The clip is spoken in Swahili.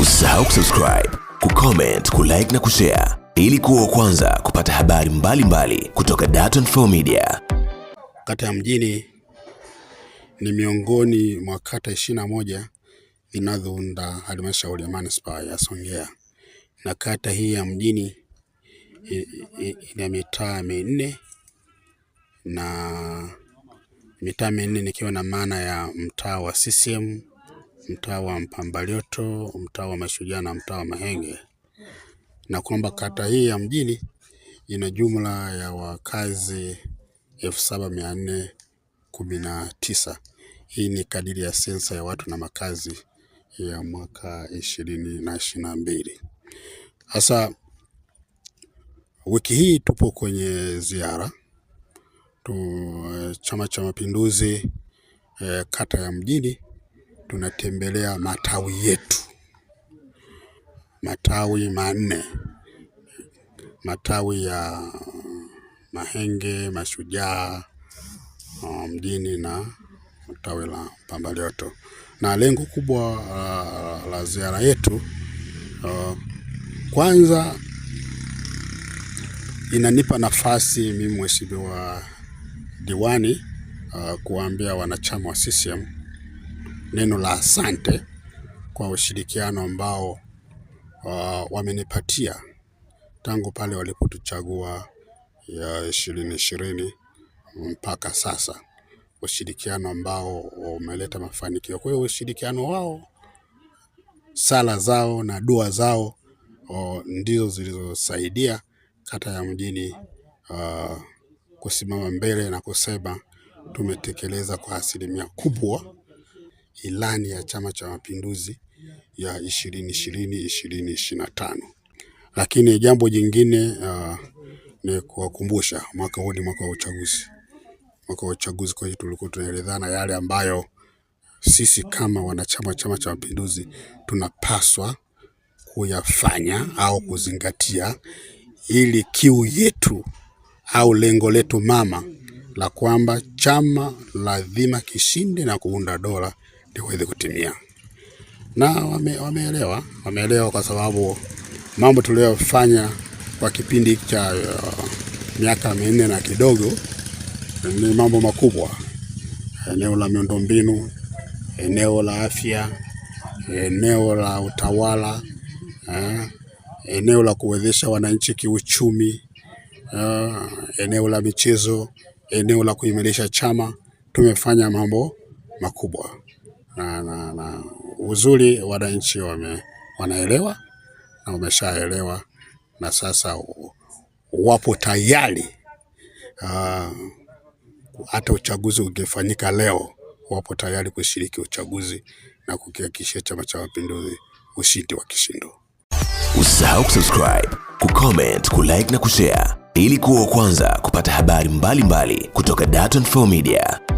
Usisahau kusubscribe, kucomment, kulike na kushare ili kuwa kwanza kupata habari mbalimbali mbali kutoka Dar24 Media. Kata ya Mjini ni miongoni mwa kata 21 zinazounda halmashauri ya manispaa ya Songea, na kata hii ya Mjini ina mitaa minne na mitaa minne nikiwa na maana ya mtaa wa CCM mtaa wa Mpambalioto, mtaa wa Mashujaa na mtaa wa Mahenge, na kwamba kata hii ya mjini ina jumla ya wakazi elfu saba mia nne kumi na tisa. Hii ni kadiri ya sensa ya watu na makazi ya mwaka ishirini na ishirini na mbili. Sasa wiki hii tupo kwenye ziara tu, eh, Chama cha Mapinduzi eh, kata ya mjini tunatembelea matawi yetu, matawi manne, matawi ya Mahenge, Mashujaa uh, mjini na tawi la pambalioto na lengo kubwa uh, la ziara yetu uh, kwanza inanipa nafasi mimi mheshimiwa diwani uh, kuwaambia wanachama wa CCM neno la asante kwa ushirikiano ambao uh, wamenipatia tangu pale walipotuchagua ya ishirini ishirini mpaka sasa, ushirikiano ambao umeleta mafanikio. Kwa hiyo ushirikiano wao, sala zao na dua zao uh, ndizo zilizosaidia kata ya mjini uh, kusimama mbele na kusema tumetekeleza kwa asilimia kubwa ilani ya Chama cha Mapinduzi ya ishirini ishirini ishirini ishirini na tano. Lakini jambo jingine uh, ni kuwakumbusha mwaka huu ni mwaka wa uchaguzi, mwaka wa uchaguzi. Kwa hiyo tulikuwa tunaelezana yale ambayo sisi kama wanachama Chama cha Mapinduzi tunapaswa kuyafanya au kuzingatia ili kiu yetu au lengo letu mama la kwamba chama lazima kishinde na kuunda dola ndio uweze kutimia, na wameelewa wame wameelewa, kwa sababu mambo tuliyofanya kwa kipindi cha uh, miaka minne na kidogo ni mambo makubwa, eneo la miundombinu, eneo la afya, eneo la utawala eh, eneo la kuwezesha wananchi kiuchumi eh, eneo la michezo, eneo la kuimarisha chama. Tumefanya mambo makubwa na, na, na uzuri wananchi wame, wanaelewa na wameshaelewa na sasa wapo tayari uh, hata uchaguzi ungefanyika leo wapo tayari kushiriki uchaguzi na kukihakikishia Chama cha Mapinduzi ushindi wa kishindo. Usisahau kusubscribe, kucomment, kulike na kushare ili kuwa wa kwanza kupata habari mbalimbali mbali kutoka Dar24 Media.